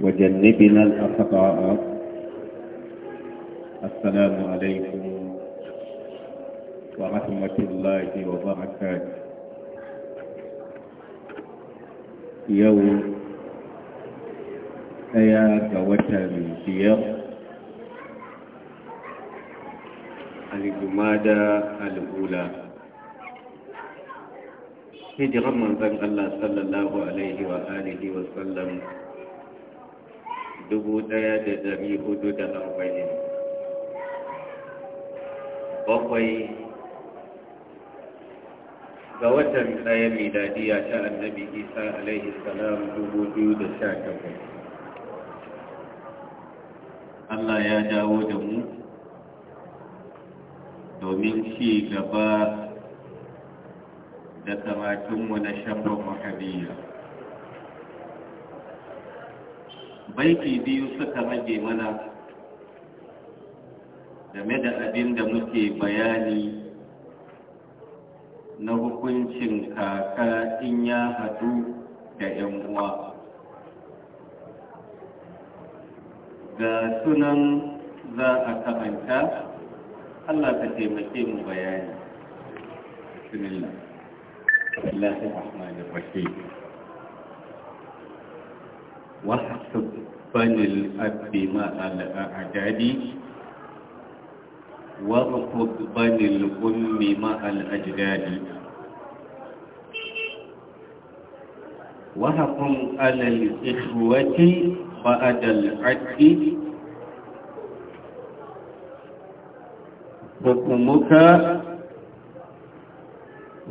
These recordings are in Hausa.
وجنبنا الأخطاء السلام عليكم ورحمة الله وبركاته يوم أيا كوتا من سير الجمادة الأولى سيدي manzan Allah sallallahu صلى الله عليه وآله وسلم dubu ɗaya da dari hudu da arba'in bakwai ga watan ɗaya dadiya ta annabi isa alaihi salam dubu biyu da sha takwas allah ya dawo da mu domin ci gaba da karatunmu na shabon mahabiyya Baiki biyu suka rage mana game da abin da muke bayani na hukuncin kaka in ya hadu da 'yan uwa ga sunan za a kamanta Allah ka taimake mu bayani bismillah wa فللأب مع الأعداد وارفض بن الأم مع الأجداد وحكم على الإخوة بعد العدل حكمك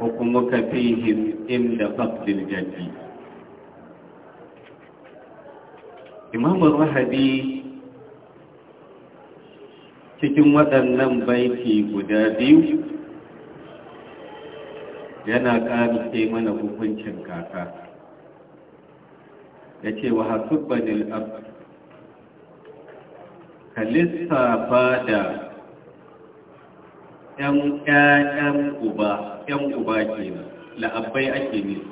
حكمك فيهم عند فقد الجدي imamun rahabi cikin waɗannan baiti guda biyu yana ƙarfe mana hukuncin kaka ya ce wa hasubbanin abu ka lissafa da ‘yan uba ke la'abbai ake nisa.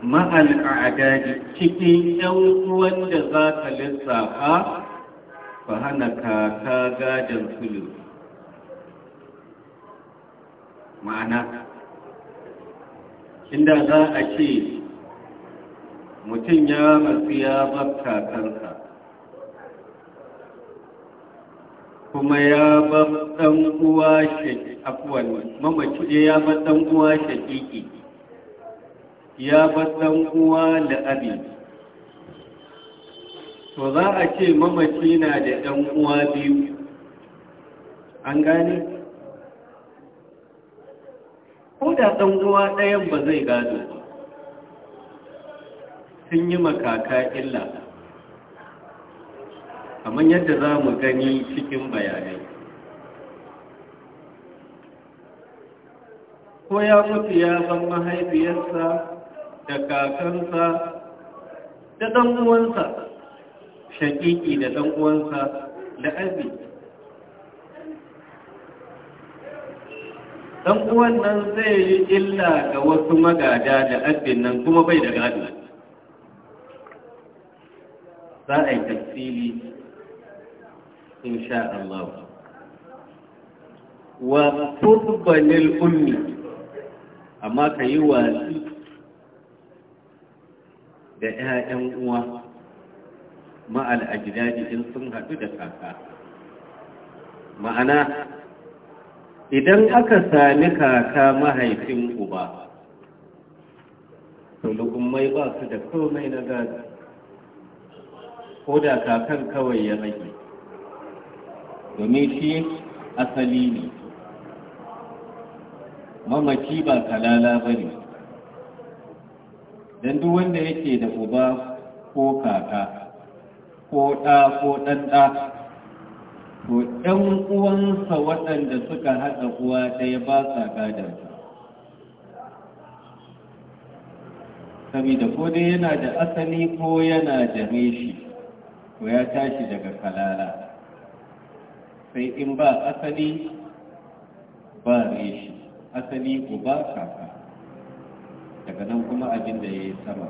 ma'al adadi cikin ‘yan uwan da za ka lissafa ba, hana ta gadon sulu ma'ana inda za a ce mutum ya matsu ya bar kakansa kuma ya bar ɗan uwa shaƙi afuwan mamaci ya bar ɗan uwa shaƙiƙi ya basan uwa da abi to za a ce mamaci na da ɗan uwa biyu an gane ko da ɗan uwa ɗayan ba zai gado ba sun yi makaka illa kamar yadda za mu gani cikin bayanai ko ya mutu ya san mahaifiyarsa da kakansa da ɗan'uwansa shaƙiƙi da ɗan'uwansa da abi ɗan'uwan nan zai yi illa ga wasu magada da abin nan kuma bai da gado za a yi tafsili sha Allah wa turbanin ummi amma ka yi wasu da 'ya'yan uwa ma'al ajdadi in sun haɗu da kaka ma'ana idan aka sami kaka mahaifin uba to mai ba su da komai na gado ko da kakan kawai ya rage domin shi asali ne Mamaki ba kalala ba ne don duk wanda yake da uba ko kaka ko ɗa ko ɗanɗa to ɗan uwansa waɗanda suka haɗa uwa ɗaya ba sa gadon saboda ko dai yana da asali ko yana da reshi ko ya tashi daga kalala sai in ba asali ba reshi asali uba kaka daga nan kuma abin da ya yi sama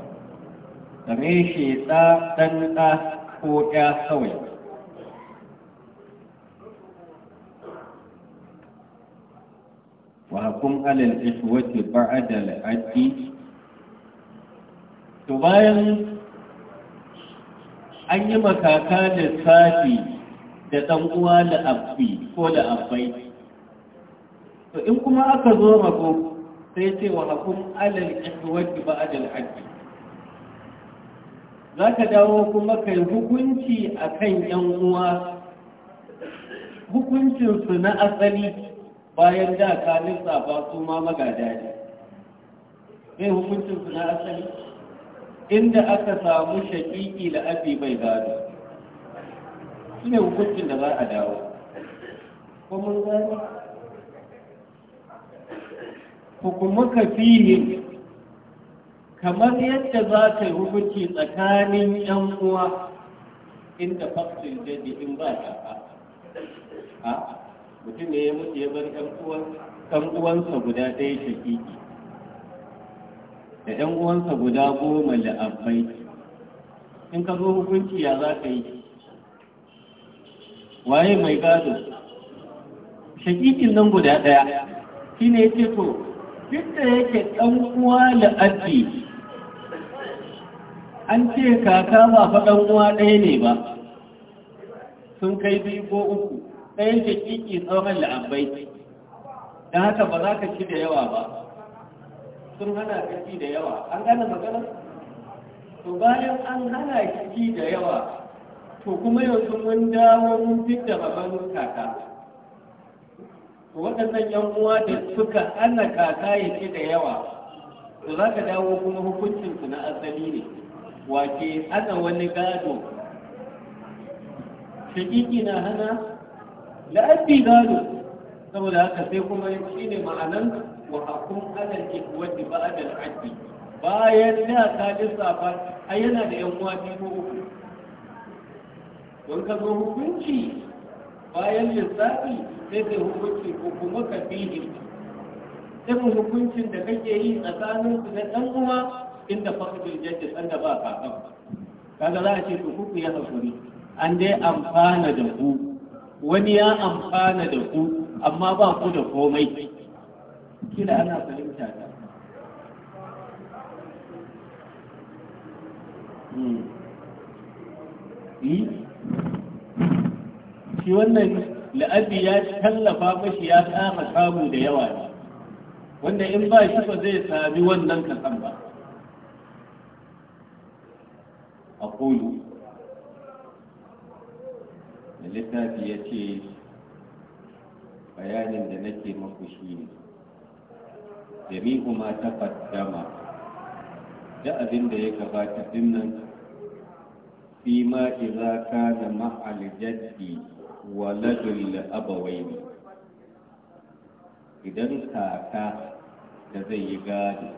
game shi ta ɗan ɗa ko ɗa kawai wa hakun alal iswati ba'da al'addi to bayan an yi makaka da safi da ɗan uwa da abbi ko da abbai to in kuma aka zo mako sai ce wa hakun alal ba ba'd al Za ka dawo kuma kai hukunci akan yan uwa Hukuncinsu na asali bayan da ka ba su ma magada ne sai hukuncinsu na asali inda aka samu shaƙiƙi da abi bai gado su ne hukuncin da za a dawo kuma gano hukumuka fihi kamar yadda za ka yi hukunci tsakanin yan uwa inda faktin jadi in ba ba. a mutum ne ya mutu ya bar yan uwansa guda ɗaya shakiki da yan uwansa guda goma la'abbai in ka zo hukunci ya za ka yi waye mai gado shakikin nan guda ɗaya shi ne ya ce to duk da yake ɗan uwa la'addi an ce kaka ba fa ɗan uwa ɗaya ne ba sun kai biyu ko uku ɗayan da kiki tsohon la'abbai don haka ba za ka ci da yawa ba sun hana ka ci da yawa an gane magana to bayan an hana ki ci da yawa to kuma sun mun dawo mun fitta babban kaka waɗannan yan uwa da suka ana kaka ce da yawa da za ka dawo kuma hukuncinsu na asali ne wace ana wani gado shakiki na hana la'abbi gado saboda haka sai kuma shi ne ma'anan wa hakun alal ikwati ba adal addi bayan da ta lissafa ai yana da yan uwa biyu uku don ka hukunci bayan lissafi sai da hukunci ko kuma ka fihi irin hukuncin da kake yi tsanin su na ɗan uwa inda fasidul ɗan da ba ka kan kaga za a ce ku ku ya haƙuri an dai amfana da ku wani ya amfana da ku amma ba ku da komai kila ana fahimta ta Hmm. hmm? shi wannan la'abi ya tallafa mashi ya kama samu da yawa ne wanda in ba shi ba zai sami wannan kasan ba a Kulu, da littafi ya ce bayanin da nake maku shi ne jami'u ma ta fadama, da abin da ya gabata dinnan fi ma iza kana ma'al jaddi waladul abawaini idan kaka da zai yi gadi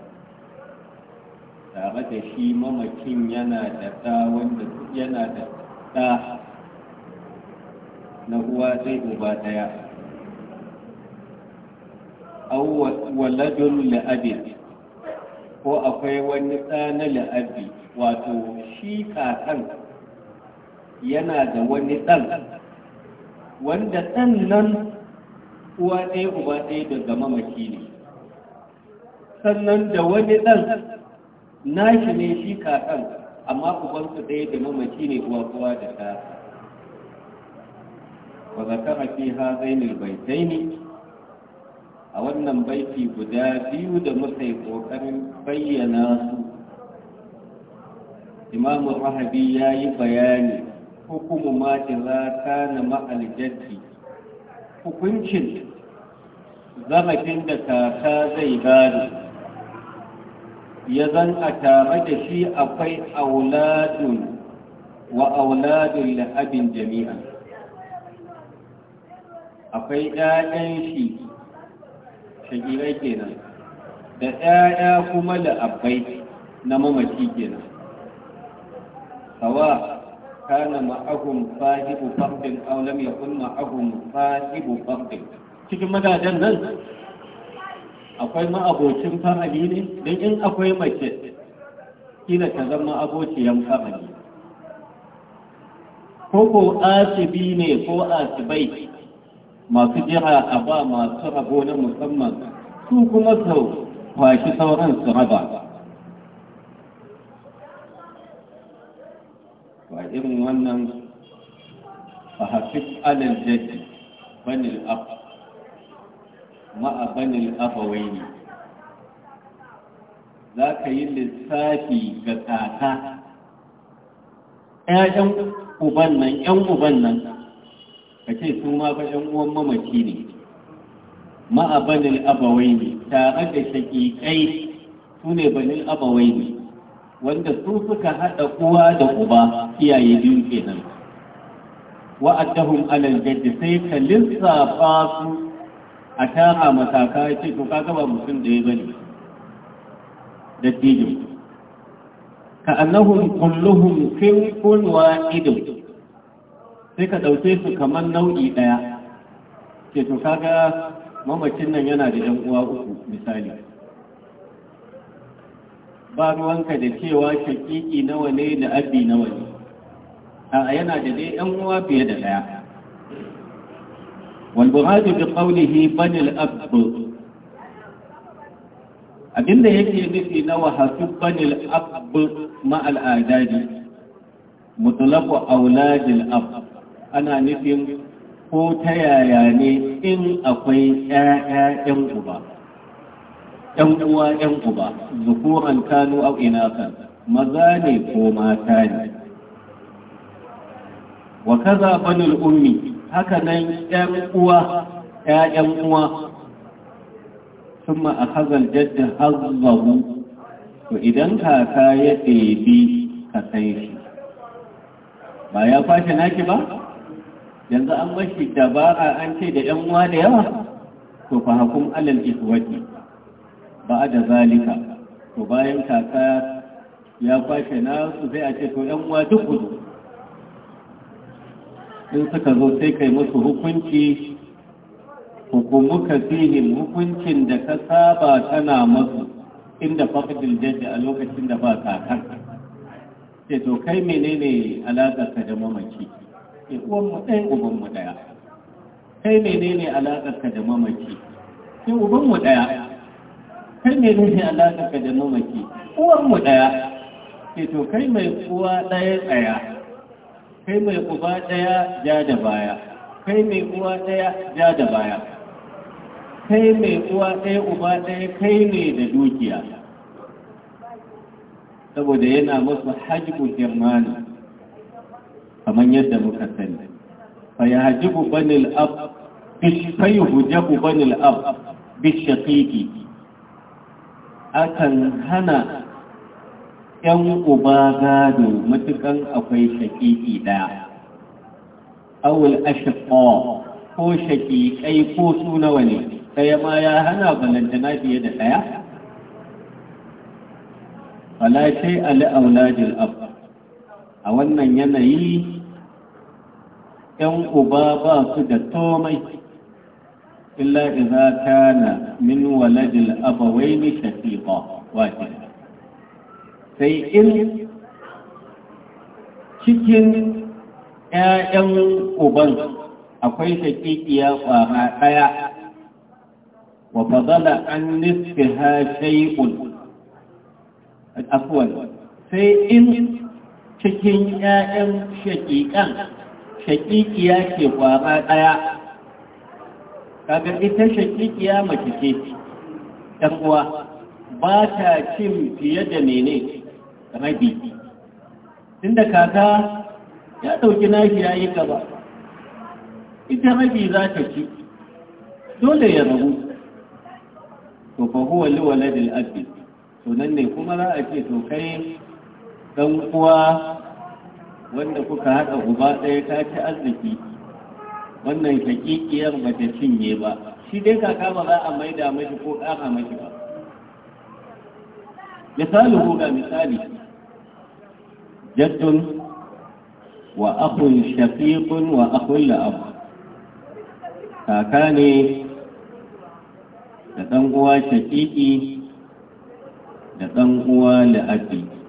tare da shi mamakin yana da ɗa wanda yana da ɗa na uwa zai uba ɗaya waladun la'abin ko akwai wani ɗa na la'abi wato shi kakan yana da wani ɗan wanda ɗan nan uwa ɗaya uba ɗaya daga mamaki ne sannan da wani ɗan nashi ne shi kakan amma ubansu ɗaya da mamaki ne uwa kowa da ta ba za ta haƙi ha zainul baitai ne a wannan baiti guda biyu da muka yi ƙoƙarin bayyana su imamu rahabi ya yi bayani hukumu ma iza kana ma'al jaddi hukuncin zarafin da kaka zai gado ya zan a tare da shi akwai auladun wa auladun la'abin jami'a akwai ɗayan shi shagirai kenan da ɗaya kuma la'abbai na mamaci kenan sawa kana ma'ahum sahibu fardin aw lam yakun ma'ahum sahibu fardin cikin magadan nan akwai ma'abocin fa'ali ne don in akwai mace kila ta zama abociyan fa'ali ko ko asibi ne ko asibai masu jira a ba masu rabo na musamman su kuma sau kwashi sauran su raba to a irin wannan fa hafiz alal jaddi banil ab ma'a banil ne, za ka yi lissafi ga kaka ‘ya'yan uban nan ‘yan uban nan ka ce su ma ba ‘yan uwan mamaki ne ma'abanin abawai ne tare da shaƙiƙai su ne banin abawai ne wanda su suka haɗa uwa da uba iyaye biyu kenan wa'addahum alal jaddi sai ka lissafa su a tara mataka ya ce to kaga ba mutum ya bane da tijin ka annahum kulluhum firqun wahidun sai ka ɗauke su kamar nau'i ɗaya Ke to kaga mamacin nan yana da 'yan uwa uku misali ba ruwanka da cewa shakiki nawa ne da abi nawa ne a yana da dai yan uwa fiye da daya wal buhadu bi qawlihi banil abu. abinda yake nufi na wahatu banil ab ma al adadi mutlaqu auladil ab ana nufin ko ta yaya ne in akwai ƴaƴa ƴan uba yan uwa yan uba zukuran kanu au inasan maza ne ko mata ne wa kaza banul ummi haka nan yan uwa ƴaƴan uwa ثم ya الجد ka وإذن shi. Ba ya ما naki ba? yanzu an mashi dabara an ce da ‘yan uwa da yawa to fa hukum alal iswati ba'ada zalika to bayan kaka ya kwashe na su sai a ce to yan uwa duk gudu in suka zo sai kai musu hukunci hukumuka fihi hukuncin da ka saba tana masu inda faqdil jaddi a lokacin da ba kaka sai to kai menene alaka ka da mamaci sai eh, uwan mu dai uban mu ɗaya kai menene alaka ka da mamaci sai eh, uban mu ɗaya kai mai nufi alaƙa ka da nomaki ke mu ɗaya ke to kai mai uwa ɗaya tsaya kai mai uba ɗaya ja da baya kai mai uwa ɗaya ja da baya kai mai uwa ɗaya uba ɗaya kai ne da dukiya saboda yana masu hajjibu girmani kamar yadda muka sani fa ya hajjibu banil ab fa yi hujjabu banil ab bishaƙiƙi akan hana ‘yan uba gado matukan akwai shaƙiƙi ɗaya, awul ashiƙo ko shaƙiƙai ko suna wani ɗaya ma ya hana balantana fiye da ɗaya? Falashe Ali auladil a wannan yanayi ‘yan uba ba su da tomai. إلا إذا كان من ولد الأبوين شقيقا واحدا sai in cikin ‘ya'yan uban akwai shakikiya ƙwara ɗaya wa fadala an nisfi ha shai'un afuwan sai in cikin ‘ya'yan shakikan shakikiya ke ƙwara ɗaya kaga ita shakikiya mace ce Dan uwa ba ta cin fiye da mene rabi tunda kaka ya ɗauki nashi ya yi gaba ita rabi za ta ci dole ya rabu to fa huwa li waladil abi to nan ne kuma za a ce to kai dan wanda kuka haɗa uba ɗaya ta ci arziki wannan hakikiyar ba ta cinye ba shi dai kaka ba za a maida mashi ko ƙara mashi ba misali ko ga misali jaddun wa akun shafiqun wa akun la'ab kaka ne da ɗan uwa da ɗan uwa la'abi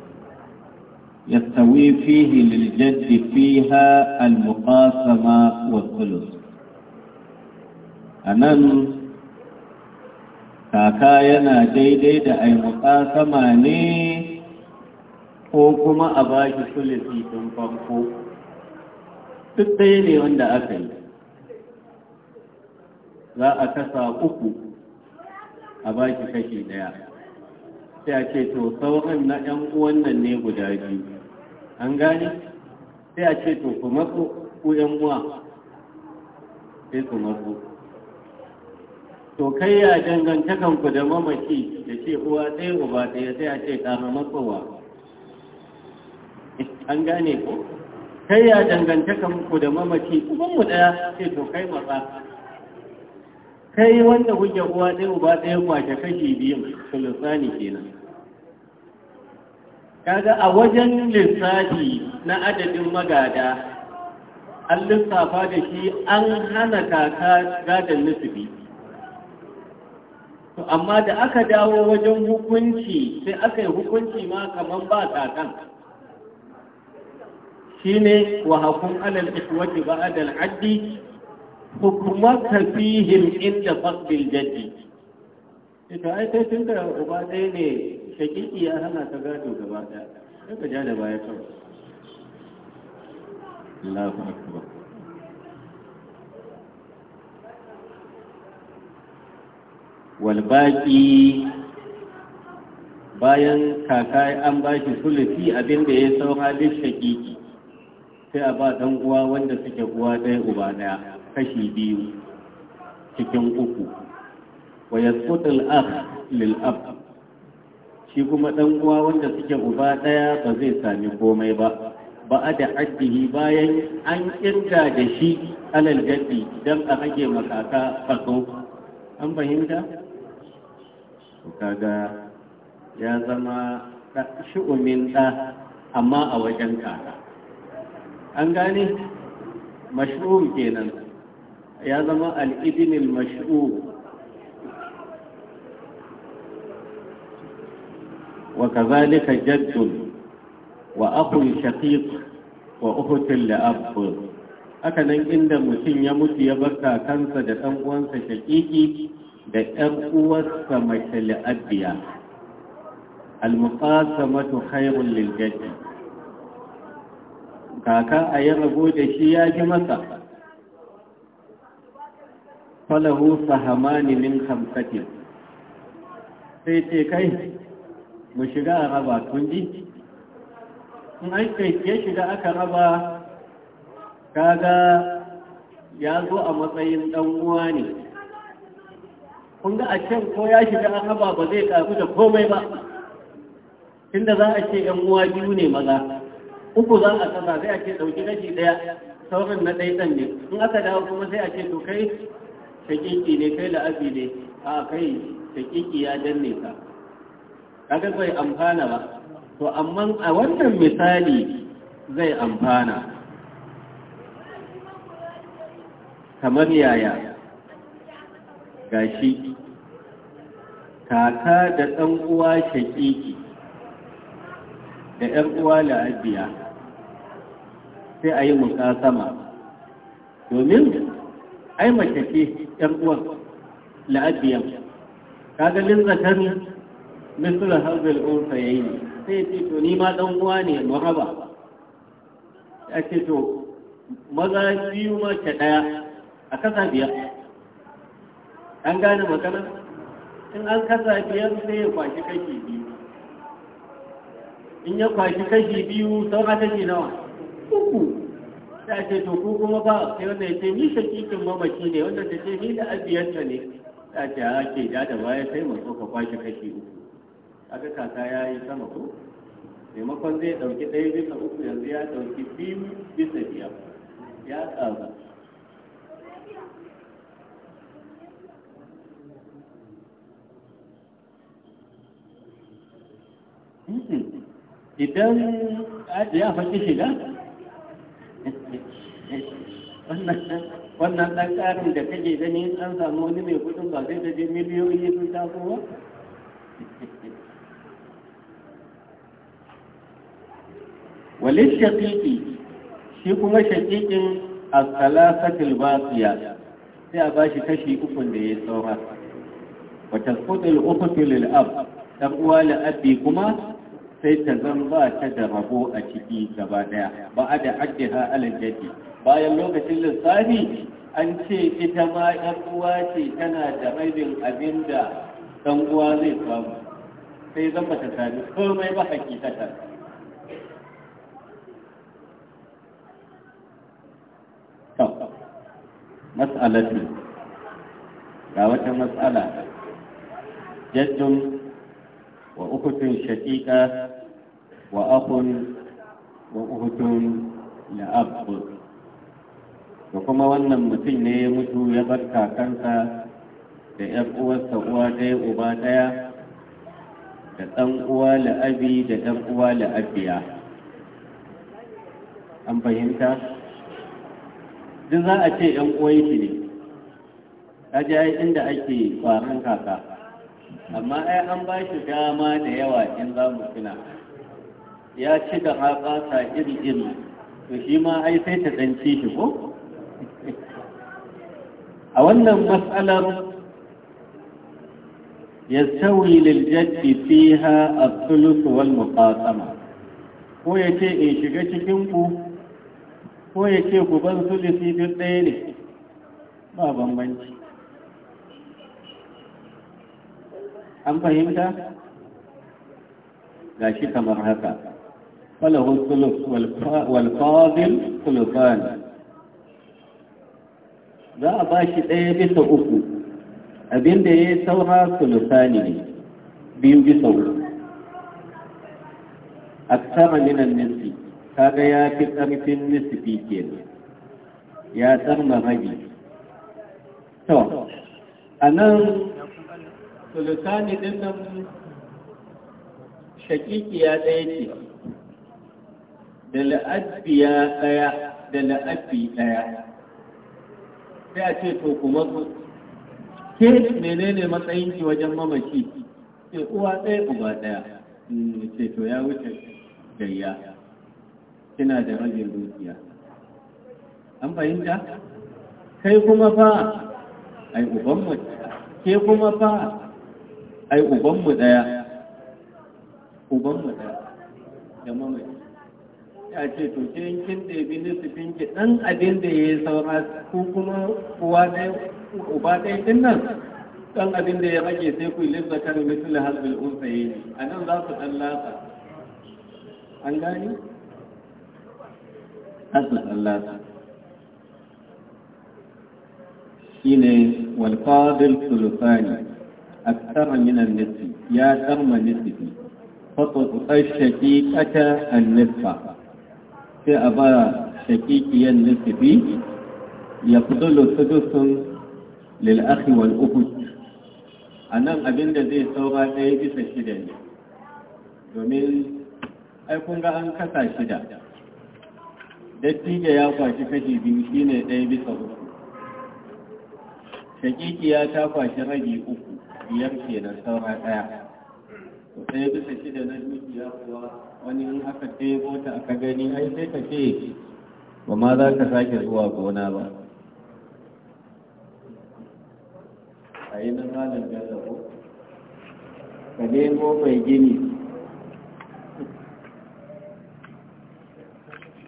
يستوي فيه للجد فيها المقاسمة والثلث أنن kaka yana daidai da ai ne ko kuma a ba shi sulusi ɗin farko ne wanda aka yi za a kasa uku a ba shi kashi ɗaya sai ce to sauran na ‘yan uwan ne guda biyu an gane sai a ce to ku matso ku yan uwa sai ku matso to kai ya danganta kanku da mamaki da ce uwa ɗaya uba ɗaya sai a ce ƙara matsowa an gane ku kai ya danganta kanku da mamaki uban mu ɗaya sai to kai matsa kai wanda kuke uwa ɗaya uba ɗaya kwashe kashi biyu sulusani kenan kaga a wajen lissafi na adadin magada an lissafa da shi an hana kaka gadon nufi amma da aka dawo wajen hukunci sai aka yi hukunci ma kamar ba kakan shi ne wa hakun alal ikwaji ba adal haddi hukumar tafihin inda fasbil jaddi ita ai tun da uba ɗaya ne Walbaki, ya hana ka gado gaba ɗaya sai ka ja da baya kawai bayan kaka an ba shi sulufi abin da ya sau halin shakiki sai a ba ɗan uwa wanda suke uwa ɗaya uba ɗaya kashi biyu cikin uku wa yasqutul akh lil ab shi kuma ɗan uwa wanda suke uba ɗaya ba zai sami komai ba ba a da addihi bayan an kirga da shi alal gaddi don a rage makaka faso an fahimta? kaga ya zama shi'umin ɗa amma a wajen kaka an gane? mash'um kenan ya zama al'ibinin mash'um وكذلك جد وأخ شقيق وأخت Haka nan, inda mutum ya mutu ya bar kakansa da ɗan uwansa shaƙiƙi da ɗan uwarsa mace la'addiya al-muqasamatu khairul lil jaddi kaka a yi rago da shi ya ji masa falahu sahamani min khamsatin sai ce kai mu shiga a raba tun ji in aiki ya shiga aka raba kaga ya zo a matsayin dan uwa ne kun ga a can ko ya shiga a raba ba zai karu da komai ba tunda za a ce yan uwa biyu ne maza uku za a kasa sai a ce dauki gaji daya sauran na ɗaya ɗan ne in aka dawo kuma sai a ce to kai shaƙiƙi ne kai la'abi ne a kai shaƙiƙi ya danne ka kaga zai amfana ba to amma a wannan misali zai amfana kamar yaya gashi kaka da ɗan uwa shaƙiƙi da ‘yan uwa la'abiya sai a yi mukasama domin ai mace ce ‘yan uwan ka kagalin zakar misal hazal unsa yayi sai ce to ni ma dan uwa ne mu raba ya ce to maza biyu ma mace daya a kasa biyar an gane magana in an kasa biyar sai ya kwashi kashi biyu in ya kwashi kashi biyu saura kashi nawa uku ta ce to ku kuma ba sai wanda ya ce ni shakikin mamaki ne wanda ta ce ni da abiyarta ne ta ce a ke da da baya sai mu ka kwashi kashi aka kaka ya yi sama ko maimakon zai ɗauki ɗaya bisa uku yanzu ya ɗauki biyu bisa biyar ya ƙaru idan ya faƙi shiga wannan ɗan ƙarin da kake gani an samu wani mai kudin ba zai da miliyoyi sun taso ba walin shaƙiƙi shi kuma shaƙiƙin asalasatul basiya sai a shi kashi ukun da ya saura wa tasqutul ukhtu lil ab uwa la'abbi kuma sai ta zamba ta da rabo a ciki gaba daya ba a da addiha ala jaddi bayan lokacin lissafi an ce ita ma ɗan uwa ce tana da rabin abin da ɗan uwa zai samu sai zan ta sami komai ba hakikatan mas'alati ga wata matsala jaddun wa ukutun shaƙiƙa wa akun wa ukutun la'abu. da kuma wannan mutum ne ya mutu ya bar kakansa da ‘yar uwarsa uwa ɗaya uba ɗaya da ɗan uwa la'abi da ɗan uwa la'abiya an fahimta duk za a ce ‘yan ƙoyi shi ne kaji ai inda ake kwarin kaka amma ai an ba shi dama da yawa in za mu suna? ya ci da sa iri iri to shi ma ai sai ta ɗance shi ko a wannan matsalar ya sauri jaddi fiha as wal muqasama ko ya ce in shiga cikin ku ko ya ce guban sulisi duk ɗaya ne ba bambanci an fahimta ga shi kamar haka falahun sulus walfazil sulusan za a ba shi ɗaya bisa uku abinda ya yi saura sulusani ne biyu bisa uku aksara minan nisi kaga ya fi ƙarfin nisfi kenan ya tsarma rabi to a nan sulutani ɗin nan ya ɗaya ce da ya ɗaya da la'adbi ɗaya sai a ce to kuma ke menene matsayin ki wajen mamaki ce uwa ɗaya uba ɗaya hmm, ce to ya wuce gayya kina da rabin dukiya an fahimta kai kuma fa ai ubanmu ke kuma fa ai ubanmu daya ubanmu daya da mamaci ya ce to kin kin da bi nisifin ki dan abin da ya yi saura ko kuma uwa dai uba dai din nan dan abin da ya rage sai ku da kan mitul halbil unsayni anan za su dan lafa an gani hasna ɗanlata shi ne walfadil sulfani a tsara minan nufi ya tsarma nufi fatsotsar shaƙiƙata annifa sai a ba shaƙiƙiyar nufi ya fito lusudusun lil'ahi wal'uhud a nan abinda zai saura ɗaya bisa shida ne domin aikun ga an kasa shida dattijo ya kwashi kashi biyu shine ɗaya bisa uku ya ta kwashi ragi uku biyar da saura ɗaya ɗaya bisa shida na dukiya kuwa wani in aka ɗebo ta aka gani ai sai ka ce ba ma za ka sake zuwa gona ba a yi na malam gaza ko ka nemo mai gini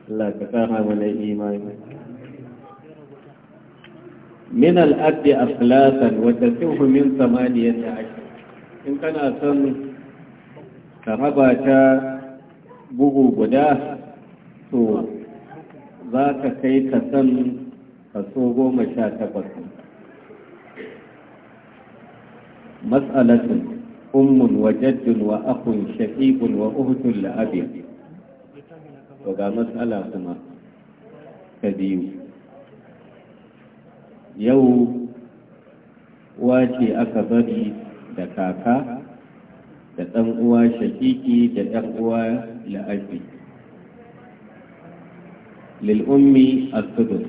Allah ka kara mana imani min a filasan wadda sihu min samaniyar da ake in kana son ka raba ta bugu guda to za ka kai ka san kaso goma sha takwas matsalatin ummun wa jaddun wa akun shafiqun wa Uhudun la'abin to ga matsala kuma ta biyu yau wace aka bari da kaka da ɗan uwa shakiki da ɗan uwa la'afi lil'ummi a sudus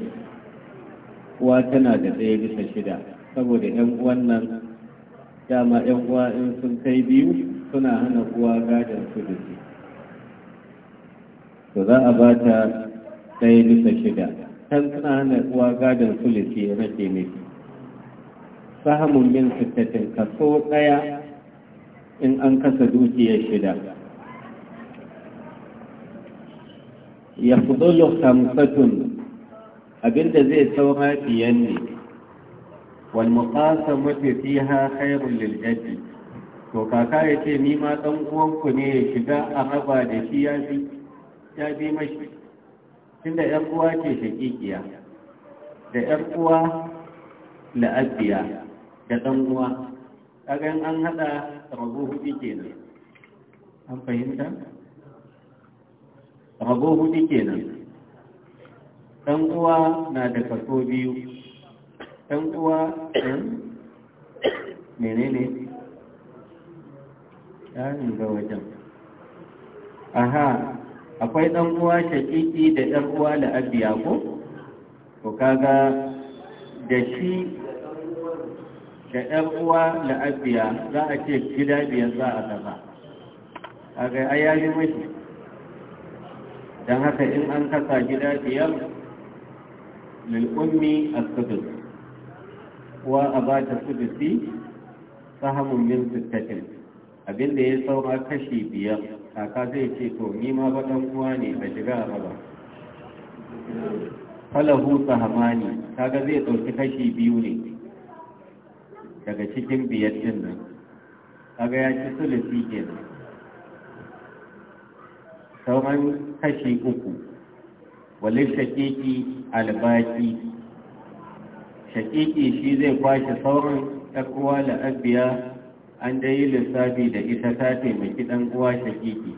uwa tana da ɗaya bisa shida saboda ‘yan uwan nan dama ‘yan uwa in sun kai biyu suna hana uwa gadon sudusi to za a ba ta ɗaya bisa shida kan hana uwa gadon sulisi rage miki sahamun min sittatin kaso ɗaya in an kasa dukiyar shida ya fudolo samsatun abinda zai saura biyan ne walmukasa mafi fiha khairun liljaddi to kaka ya ce ni ma ɗan uwanku ne ya shiga a raba da shi ya fi ya bi mashi tunda ‘yan uwa ce shakikiya da ‘yan uwa la'abiya da ɗan uwa ƙagan an haɗa rago hudu kenan an fahimta? rago hudu kenan ɗan uwa na da kaso biyu ɗan uwa ne menene? ɗanin ga wajen aha akwai ɗan uwa shaƙiƙi da ‘yar uwa la'abiya ko? to kaga da shi da ‘yar uwa la'abiya za a ce gida biyar za a zama a ga ayyali mashi don haka in an kasa gida biyar lil'ummi a sudus Kuwa a ba ta sudusi sahamun min sittatin abinda ya saura kashi biyar kaka zai ce to ni ma ba dan kuwa ne ba shiga a raba falahu sahamani kaga zai ɗauki kashi biyu ne daga cikin biyar din nan kaga ya ci sulusi kenan sauran kashi uku walil shakiki albaki shakiki shi zai kwashe sauran ɗan kowa la'abiya an dai yi lissafi da ita ta taimaki ɗan uwa shakiki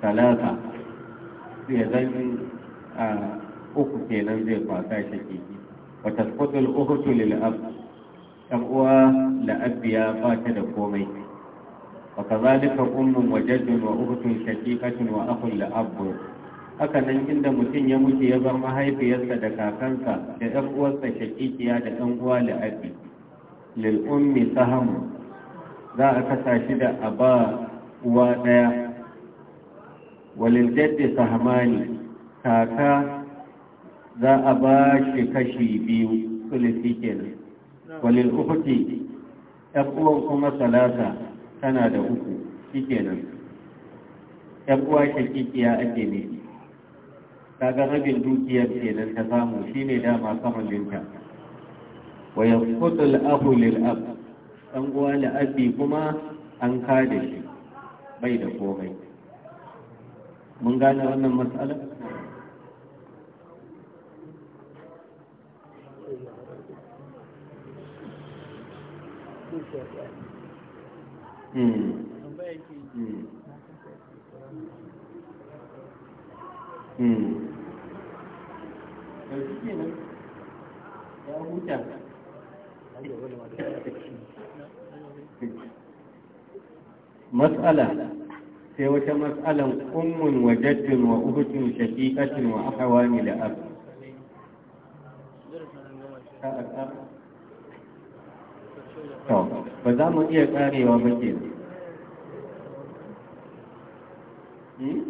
talata sai zan a uku kenan zai kwasa shakiki wata skutul uku lil ab ɗan uwa la'abbiya ba ta da komai wa وكذلك أم وجد wa شقيقة وأخ لأب haka nan inda mutum ya mutu ya bar mahaifiyarsa da kakansa da ɗan uwarsa shakikiya da ɗan uwa la'abi lil'ummi sahamu za a kasa da a ba uwa ɗaya walil jaddi sahamani kaka za a ba shi kashi biyu sulisi kenan walil ukhti uwan kuma salasa tana da uku shikenan uwa shakikiya ake ne kaga rabin dukiyar kenan ta samu shine dama kamallinta wa yafqutu al-abu lil-ab ɗan uwa la'abi kuma an kada shi bai da komai mun gane wannan matsala sai wata matsalan ummun wa jaddun wa ubutun shaqiqatin wa akhawani da To ba za mu iya karewa ba ke hmm?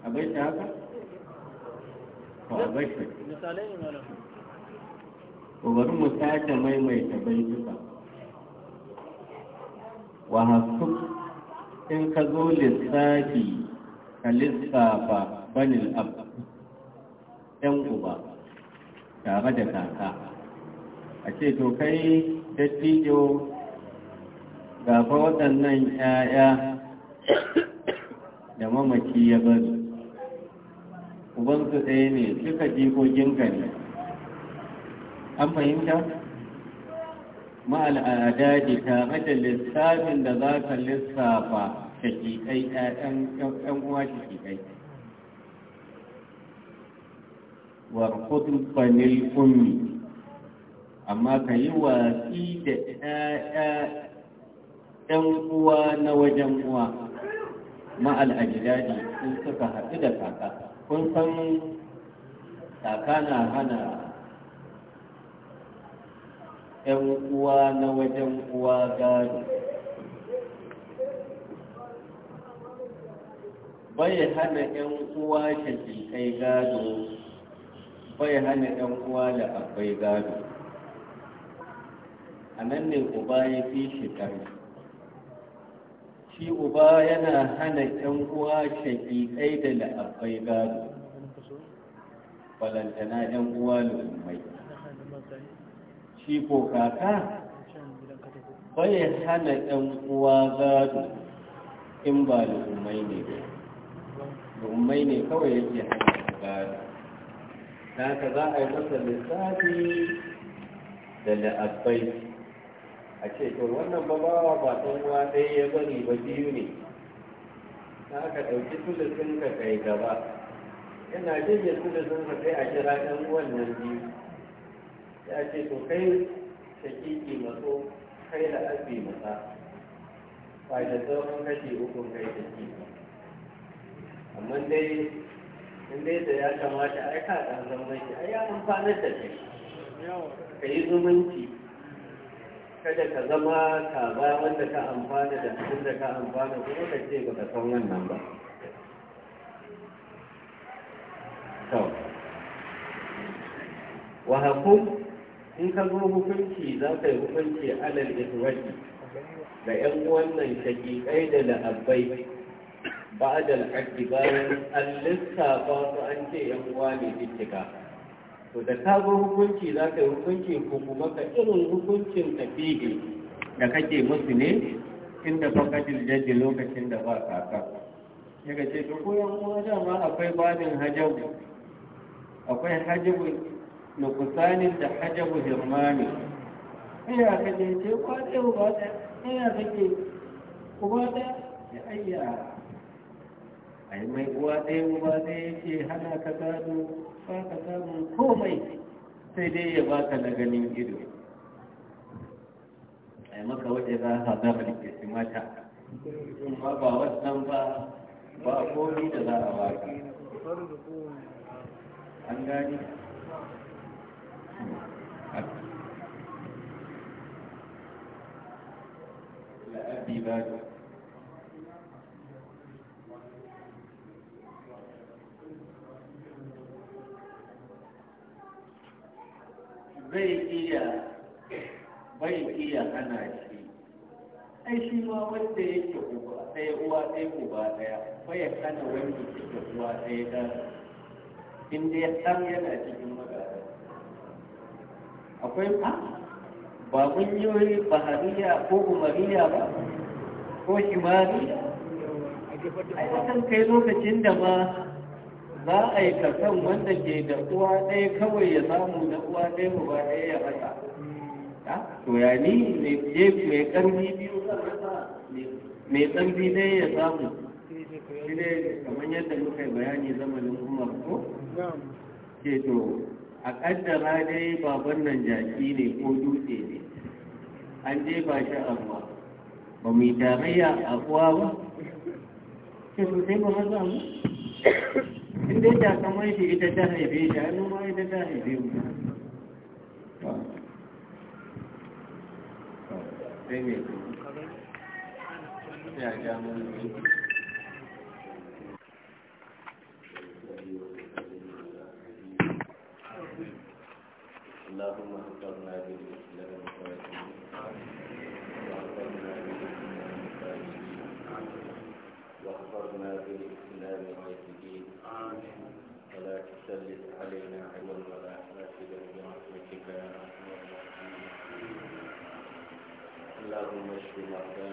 a bai shi haka? a bai shi misalai ne malam bari mu sake maimaita bai duka wa hasu in ka zo lissafi ka lissafa banin ab ɗan uba tare da kaka a ce to kai dattijo gafa waɗannan 'ya'ya da mamaki ya bari ubansu ɗaya ne suka jikokin gani an fahimta? ma'al adadi tare da lissafin da za ka lissafa shakikai ɗan uwa shakikai warkutun fanil ummi amma ka yi watsi da ɗan uwa na wajen uwa ma'al ajidadi sun suka haɗu da kaka kun san kaka na hana ‘yan uwa na wajen uwa gado bai hana ‘yan uwa shakikai gado bai hana ‘yan uwa da akwai gado a nan ne uba ya fi shi shi uba yana hana ‘yan uwa kai da la'abbai gado balantana ‘yan uwa lummai shi ko kaka bai hana ɗan uwa gado in ba da umai ne ba umai ne kawai yake hana su gado ta ka za a yi masa lissafi da la'abbai a ce to wannan babawa ba ɗan uwa ɗaya ya bari ba biyu ne ta ka ɗauki tulusin ka kai gaba yana jin da tulusin ka kai a kira ɗan uwan nan biyu sai ce to kai shakiki matso kai da albi matsa ba da tsawon kashi hukun kai shakiki amma dai in dai da ya kamata ai ka ɗan zama shi ai ya amfanar da shi ka yi zumunci kada ka zama ba wanda ka amfana da abin da ka amfana kuma ka ce ba ka san wannan ba to wa in ka zo hukunci za ka yi hukunci alal iswaji Da yan wannan shakikai da la'abbai ba da al'addi bayan an lissafa su an ce yan uwa ne bincika to da ka zo hukunci za ka yi hukunci ko kuma ka irin hukuncin tafiye da kake musu ne inda ka jaji lokacin da ba kaka ya ce to ko yan uwa dama akwai babin hajjabu akwai hajjabu nukusanin da hajjabu hirmani ina kake ce kwaɗe uba ɗaya ina kake uba ɗaya ya ayya ai mai uwa ɗaya uba ɗaya yake hana ka gado ba ka samun komai sai dai ya baka na ganin ido ai maka waje za ka zama da ke mata ba ba wannan ba ba komi da za a baka an gani لأبي بكر zai iya bai iya hana shi ai shi ma wanda yake uba ɗaya uwa ɗaya uba ɗaya bai hana wanda yake uwa ɗaya yana cikin magana akwai ba kungiyoyi bahariya ko umariya ba ko Shimari. a yakan kai lokacin da ma za a yi kasan wanda ke da uwa ɗaya kawai ya samu na uwa ɗaya ba ɗaya ya rasa to ya ni mai ƙarfi biyu mai ƙarfi ɗaya ya samu shi ne kamar yadda muka yi bayani zamanin umar ko ke to a ƙaddara dai baban nan jaki ne ko dutse ne an jefa shi a ba mu yi tarayya a kuwa ba sai mu sai ba maza mu in dai ta kamar shi ita ta haife shi an noma ita ta haife mu sai mai kuma ya ja mun اللهم اغفرنا بالإسلام والمسلمين واغفرنا بالإسلام والمسلمين واغفرنا بالإسلام والمسلمين ولا تسلط علينا عوض ولا حاسدا برحمتك يا أرحم الراحمين اللهم اشف مرضانا